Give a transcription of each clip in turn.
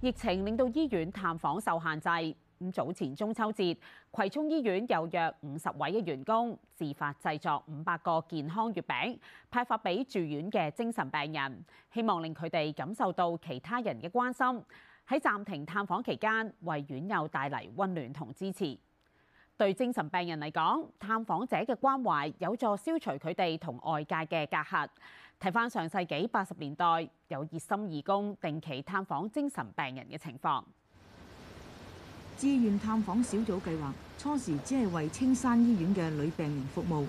疫情令到醫院探訪受限制，咁早前中秋節，葵涌醫院有約五十位嘅員工自發製作五百個健康月餅，派發俾住院嘅精神病人，希望令佢哋感受到其他人嘅關心。喺暫停探訪期間，為院友帶嚟温暖同支持。對精神病人嚟講，探訪者嘅關懷有助消除佢哋同外界嘅隔閡。睇翻上世紀八十年代，有熱心義工定期探訪精神病人嘅情況。志願探訪小組計劃初時只係為青山醫院嘅女病人服務。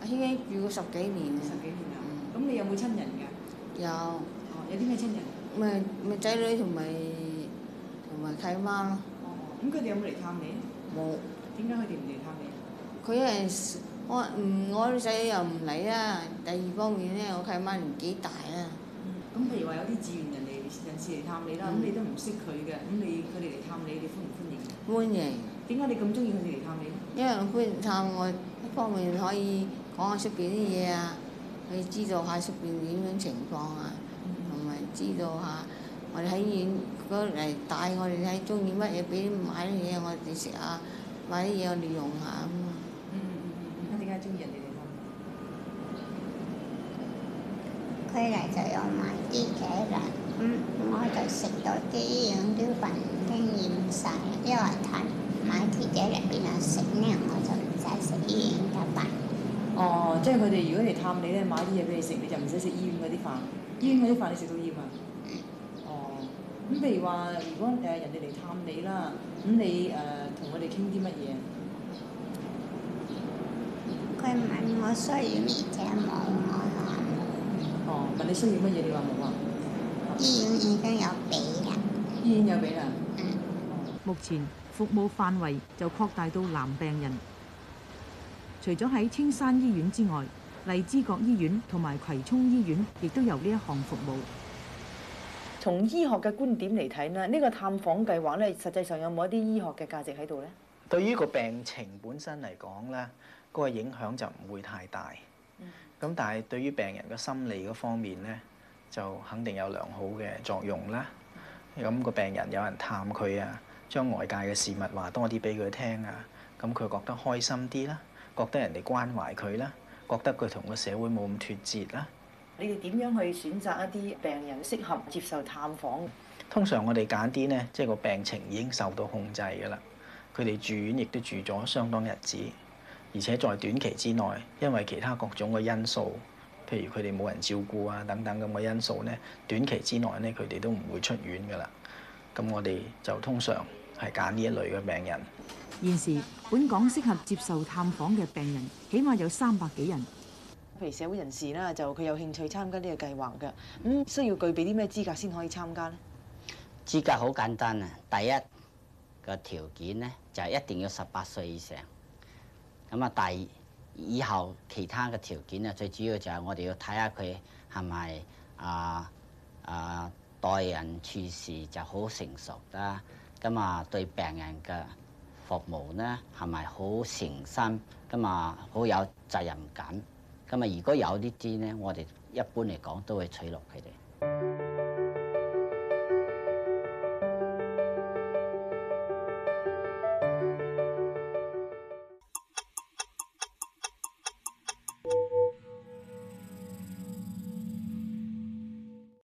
阿軒軒住過十幾年，十幾年啦、啊。咁、嗯、你有冇親人㗎？有、哦？有。有啲咩親人？咪咪仔女同埋同埋太媽咯。咁佢哋有冇嚟探你？冇。點解佢哋唔嚟探你？佢係我唔，我仔又唔嚟啦。第二方面咧，我契媽年紀大啦。咁、嗯、譬如話有啲志願人嚟人士嚟探你啦，咁你都唔識佢嘅，咁你佢哋嚟探你，嗯、你歡唔歡迎？歡迎。點解你咁中意佢哋嚟探你？探你因為歡迎探我，一方面可以講下出邊啲嘢啊，可以、嗯、知道下出邊點樣情況啊，同埋、嗯、知道下我哋喺醫院如果嚟帶我哋睇中意乜嘢，俾啲買啲嘢我哋食啊。買啲嘢我利用下咁嘛。嗯嗯嗯嗯嗯，咁點解中意人哋地方？佢嚟就要買啲嘢喇，嗯，我就食到啲樣啲飯，啲麵食，因為睇買啲嘢嚟俾佢食咧，我就唔使食醫院嘅飯。哦，即係佢哋如果嚟探你咧，買啲嘢俾你食，你就唔使食醫院嗰啲飯。醫院嗰啲飯你食到厭啊？咁譬如話，如果誒人哋嚟探你啦，咁你誒同我哋傾啲乜嘢？佢問我需要乜嘢，冇啊。哦，問你需要乜嘢？你話冇啊？醫院已經有俾啦。醫院有俾啦。目前服務範圍就擴大到男病人，除咗喺青山醫院之外，荔枝角醫院同埋葵涌醫院亦都有呢一項服務。從醫學嘅觀點嚟睇咧，呢個探訪計劃咧，實際上有冇一啲醫學嘅價值喺度咧？對於個病情本身嚟講咧，個影響就唔會太大。咁、嗯、但係對於病人嘅心理嗰方面咧，就肯定有良好嘅作用啦。咁、個病人有人探佢啊，將外界嘅事物話多啲俾佢聽啊，咁佢覺得開心啲啦，覺得人哋關懷佢啦，覺得佢同個社會冇咁脫節啦。你哋點樣去選擇一啲病人適合接受探訪？通常我哋揀啲呢，即係個病情已經受到控制㗎喇。佢哋住院亦都住咗相當日子，而且在短期之內，因為其他各種嘅因素，譬如佢哋冇人照顧啊等等咁嘅因素呢，短期之內呢，佢哋都唔會出院㗎喇。咁我哋就通常係揀呢一類嘅病人。現時本港適合接受探訪嘅病人，起碼有三百幾人。譬如社會人士啦，就佢有興趣參加呢個計劃嘅咁、嗯，需要具備啲咩資格先可以參加呢？資格好簡單啊！第一個條件咧就係一定要十八歲以上咁啊。第二，以後其他嘅條件咧，最主要就係我哋要睇下佢係咪啊啊待人處事就好成熟啦。咁啊，對病人嘅服務咧係咪好誠心？咁啊，好有責任感。咁啊，如果有啲支咧，我哋一般嚟講都會取落佢哋。